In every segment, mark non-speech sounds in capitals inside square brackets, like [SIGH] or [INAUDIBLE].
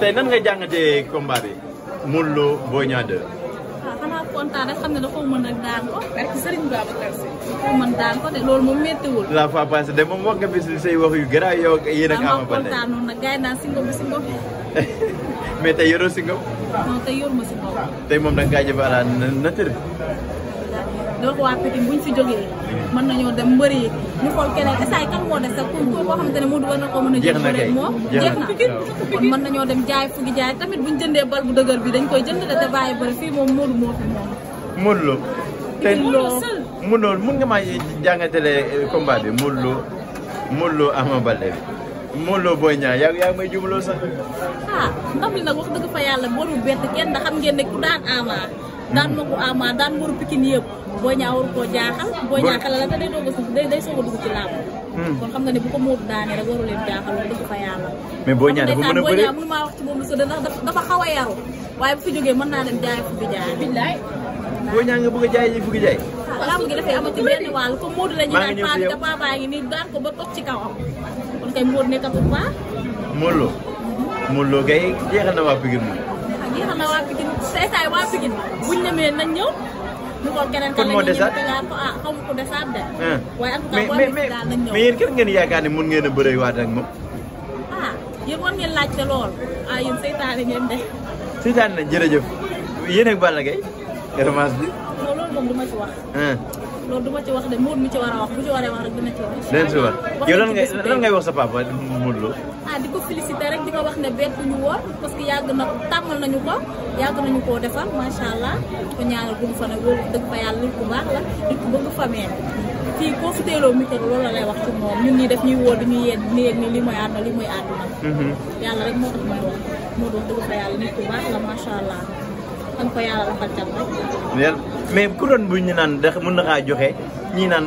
tey nan nga jàngatee combat bi Modou Lo Boy Niang 2. waaw ah, xanaa kontaan rek xam ne da koo a daan ko. de loolu moom méttiwul. la fois passée de moom wax nga bis say wax yu gën a yow ak yéen ak. Ama Baldé kontaanoon nag gars yi [LAUGHS] mais tey yoruma singom. tey moom da nga kaa jëfee à donc waa Pikine buñ fi jógee mën nañoo dem mbër yi ñu xool keneen esaay kan moo des sax concours boo xamante ne moo war na ko mën a jël bëreeg moom jeex na kon mën nañoo dem jaay fukki jaay tamit buñ jëndee bal bu dëgër bi dañ koy jënd da te bàyyi bëri fii moom Modou moo fi moom Modou Lo tey mun loolu mun nga maa jàngatale combat bi Modou Lo Modou Lo Ama Baldé bi Modou Lo Boy Niang yaa yaa may jubaloo sax ah ndam li nag wax dëgg fa yàlla boolu bett kenn da xam ngeen ne ku daan Ama Dan ma ama dan mburu pikin yeb bo ñaa ko banyak jaaxal bo ñaaxal la te day doog a day day soog a ci lamb kon xam nga ne bu ko Banyak, daane rek waru len jaaxal loolu dafa fa yàlla mais bo ñaan dafa mën a bëri Banyak, banyak wax ci moom lu sëdd dafa xawa yaru waye bu fi jógee mën na dem jaay fu bi jaay billahi bo ñaan nga bëgg jaay yi fu gi jaay làmb gi dafay amati benn wàll comme Modou la ñu daan paa nga papa baa ngi daan ko ba tok ci kawam kon kay Modou nekkatul paa Modou Lo gay jeexal na waa bëgg moom yéen a ma waa Pikine saytaay waa Pikine buñ demee nañ ñëw. mu xool keneen kan la ñuy ko ah, desaat de. Ah. waaye en tout cas boo demee daal nañ ngeen yaakaar ne mën ngeen a bëree ak moom. ah yéen war ngeen laajte lool ah yéen saytaane ngeen de. saytaane na jërëjëf yéen ak Balla Gaye revanche bi. loolu moom du ma ci wax. Ah. loolu du ma ci wax de muur mi ci war wax bu ci waree wax rek dina ci wax. ci wax lan ngay lan ngay wax sa papa Lo. ah di ko rek di wax ne bett ñu woor parce que yàgg na tàmmal nañu ko yàgg nañu koo defal macha allah ko micro loolu la lay wax ci moom ñun ñii def ñuy woo dañuy yéen ni yéen ni li mooy rek tax wax fa ku baax la allah am ko yàlla dafa jàmm mais couronne bu ñu naan ndax mën na joxe ñi naan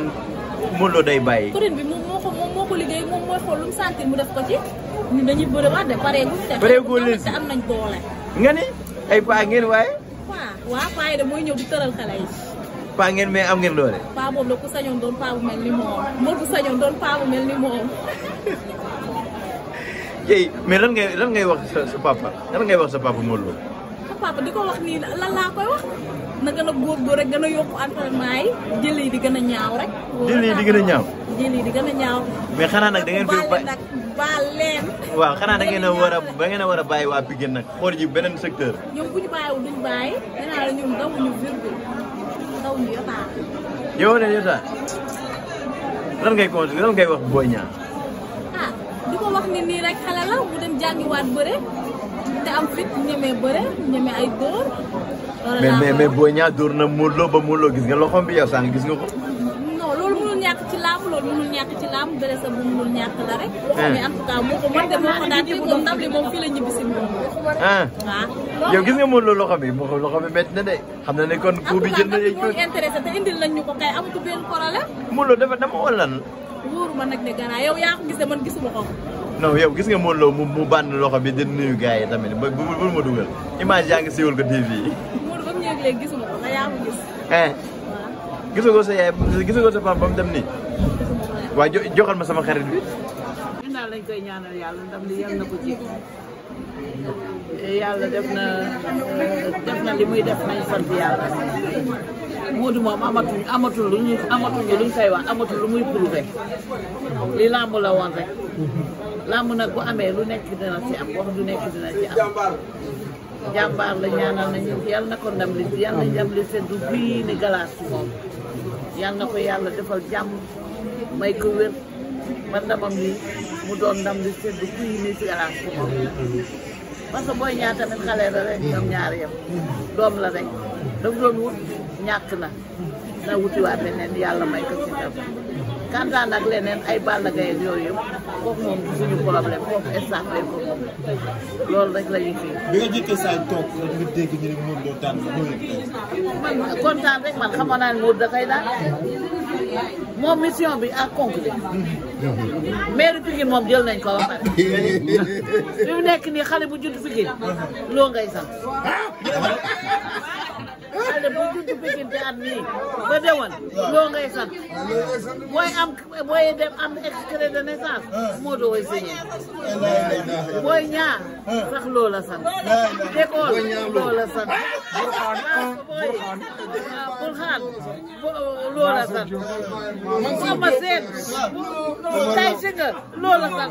mënuloo day bàyyi. couronne bi moom moo ko moom moo ko liggéey moom lu mu mu def ko ci ñun dañuy bëri wax de pareegu. pareegu leen si te am nañ boole. nga ni ay paa ngeen waaye. paa waaw paa yi de mooy ñëw di yi. ngeen mais am ngeen doole. la doon bu mel doon bu mais lan ngay lan ngay wax sa papa lan ngay wax sa papa Modou papa di ko wax ni la la koy wax na gëna a góorgóor rek gën a yokku entraînement yi jëli di gëna ñaaw rek. jëli di gëna a ñaaw jëli di gëna ñaaw. mais xana nak da ngeen fi ba leen. waaw xana da ngeen wara ba ngeen wara war wa bàyyi nak xor ji benen secteur. ñom buñu ñu bàyyiwul duñ bàyyi dinaa la daw ñu virgule daw ñu yota yow ne yota lan ngay conseil lan ngay wax Boy ñaan ah diko wax ni ni rek xala la mu dem jangi jàngiwaat beure te am fit ñemee bëre na Lo ba Modou Lo gis nga loxoom bi yow gis nga ko. non loolu mënul ñàkk ci laam loolu mënul ñàkk ci laam bëre sa bu mënul ñàkk la rek. mais en tout cas moo ko ko la yow gis nga Lo bi moo loxo bi métti na de xam eh. ne kon coup bi jël na yeeg. ñu intéressé te indil nañ ñu ko kay amatu benn problème. Modou dafa dama wala yow ko man gisuma ko non yow gis nga Modou Lo mu mu bànn loxo bi di nuyu gars yi tamit ba bu ma dugal image yaa ngi siiwal ko TV yi. Modou ba mu ñëwee léegi gisuma ko yaa ko gis. Eh, gis nga ko sa yaay gis nga ko sa papa ba mu dem nii. waaw jo joxal ma sama xarit bi. ñun daal lañ koy ñaanal yàlla ndam li yal na ko ji yàlla def na def na li muy def nañ sant yàlla. Modou moom amatuñ amatul lu ñu amatuñu luñ koy wax amatul lu muy prouvé li làmb la woon rek. làmb nag bu amee lu nekk dina ci am wax du nekk dina ci am jàmbaar la ñaanal nañu yàlla na ko ndam li yàlla na ndam li seddu bii ni galaas ci moom yàlla na ko yàlla defal jàmm may ko wér ba ndamam li mu doon ndam li seddu bii ni ci galaas moom parce booy ñaar tamit xale la rek ñoom ñaar yam doom la rek daf doon wut ñàkk na na wutiwaat leneen yàlla may ko ci ndam kantaan ak leneen ay Balla Gaye yooyu yëpp kooku moom suñu problème kooku instant bi ko moom loolu rek la ñuy kii. bi nga njëkkee saa yi toog nga dégg ñu ne Modou Lo daan kontaan rek man xamoon naa ne Modou daan moom mission bi à conclure. [LAUGHS] maire Pikine moom jël nañ ko ba pare. [LAUGHS] mu nekk nii xale bu judd Pikine loo ngay sant. Ah! de bu juddu Pikine at nii ba déwén loo ngay sant booy am booy dem am ah. moo doo way sëñ ñaar ah. sax loo la sant école loo la sant burxaan ah, loo la sant sama seen tay si nga loo la sant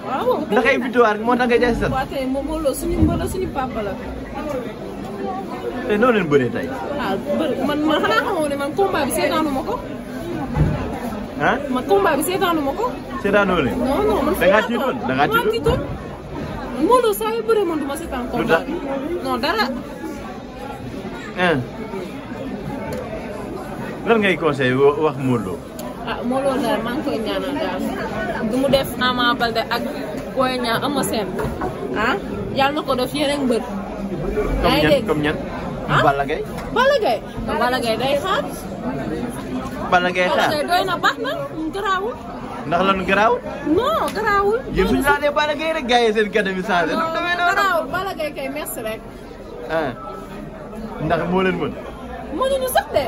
waaw ndax ay biddewaar moo tax nga jaay sa. waaw kay moom loolu suñu mbooloo suñu papa la. te noo leen bëree tey. man man xanaa xamoo man combat bi seetaanu ma ko. ah combat bi seetaanu ma ko. seetaanoo non non man da da man non dara. lan ngay conseil wax ah moo loolu daal maa ngi koy ñaanal daal du mu def Ama Baldé ak Boy Niang Eumeu Sène ah na ko def yeneen mbër. yaa ngi ñan ah Balla day xaar. Balla Gaye xaar Balla doy na baax na ndax la garaawul. non garaawul. yéen su ñu laajee Balla rek gars seen gàdde bi changé. non garaawul kay merci rek. ah ndax moo mën. Mau sax de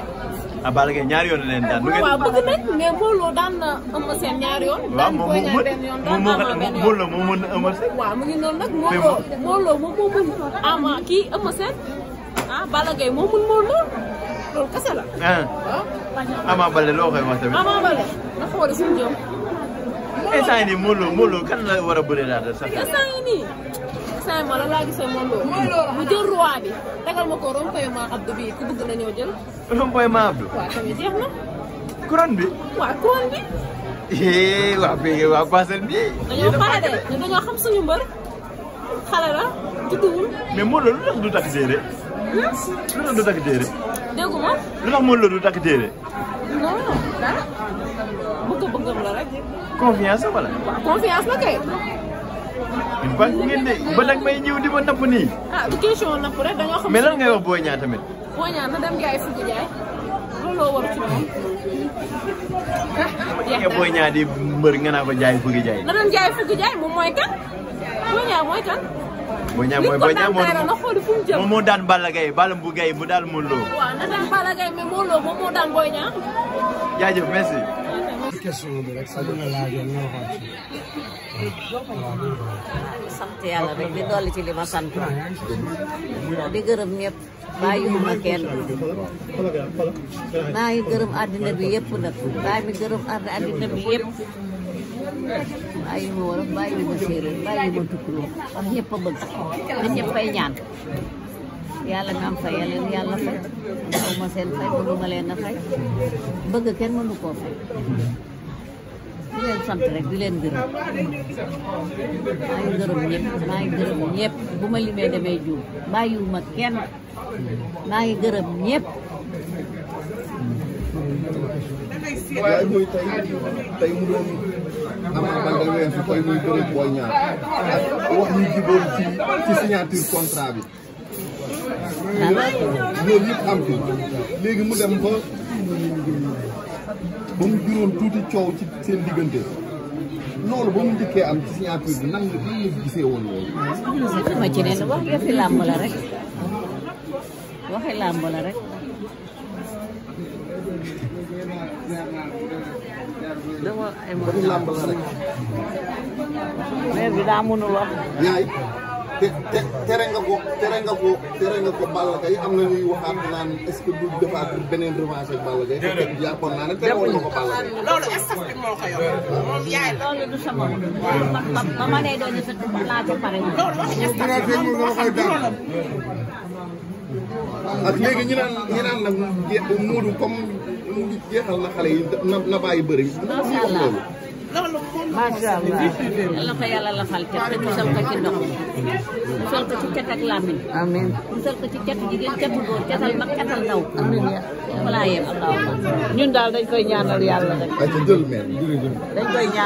ah nyari Gaye ñaari yoon leen daan waaw bëgg nañ mais Modou Lo daan na Eumeu Sène ñaari yoon daan Boy Niang benn yoon daan Lo moo mën Eumeu Sène waaw mu ngi noonu nag Modou Lo Modou Lo moom moo mën ama kii Eumeu ah Balla Gaye moo mën Lo Ama Baldé loo koy Ama Baldé dafa war a suñu jëm ini mulu mulu kan la wara a bëree daal sax instant ini saya malah lagi saya gisee moom loolu. bi tegal ma ko rompoy ma Abdou bi ku bëgg na ñoo jël. rompoy ma Abdou. waaw tamit jeex na. couronne bi. waaw couronne bi. eh waa béykat waa Parcelles bi. dañoo apa Ada dañoo Kamu suñu mbër. xale la judduwul. Memang Modou Lo lu tax du takk téere. Hmm? lu tax du takk téere. déggu ma. lu tax Modou Lo du takk téere. non dara bëgg-bëggam la rek. confiance bank ngeen de ba nag may ñëw di ma napp ah du question napp rek dañoo xam. mais lan wax ñaa tamit. ñaa na dem jaay war ci ñaa di mbër nga naa ko jaay fukki jaay. na dem jaay fukki jaay kan. booy ñaa kan. boo ñaa mooy boo ñaa moom moo daan Balla Gaye Balla Mbu Gaye mu daal Lo. waaw na Lo merci. question bi rek sax nga laajoon nga waxoon ci. sant yàlla rek di dolli ci li ma sant. di gërëm ñëpp bàyyiwuma kenn. maa ngi gërëm àddina bi yëpp nag maa ngi gërëm àddina bi yëpp. bàyyi ma wolof bàyyi ma séeréer bàyyi ma tukkuloo wax ñëpp a bëgg te ñëpp ay ñaan yàlla nga am fay yàlla yàlla fay aw ma seen fay mënu ma leen a fay bëgg kenn mënu koo fay di leen sant rek di leen gërëm maa ngi gërëm ñëpp maa ngi gërëm ñëpp bu ma limee damay juum bàyyiwuma kenn maa ngi gërëm ñëpp. waaye muy tey tey mu doon Ama Baldé weer fi koy muy bëri booy ñaar ak wax ñu juboon ci ci signature contrat bi. loolu yëpp am ci léegi mu dem ba. ba mu juróon tuuti coow ci seen diggante loolu ba mu njëkkee am ci signature bi nan nan la woon loolu. ci ne wax yëfi làmb la rek waxi làmbala la rek. dama bi daa mënul wax. te te tere nga ko tere nga am na ñuy waxaat naan est-ce que du defaat beneen revanche ak Balla Gaye. déedéet ak léegi ñu naan ñu naan nag Moodu comme mu jeexal na xale yi na na bàyyi bëri. macha allah macha allah yàlla ko yàlla lafal cat te musal ko ci ndox musal ko ci cat ak làmmiñ amiin musal ko ci catu jigéen catu góor catal mag catal ndaw amiin voilà yéen allahumma ñun daal dañ koy ñaanal yàlla rek dañ koy ñaan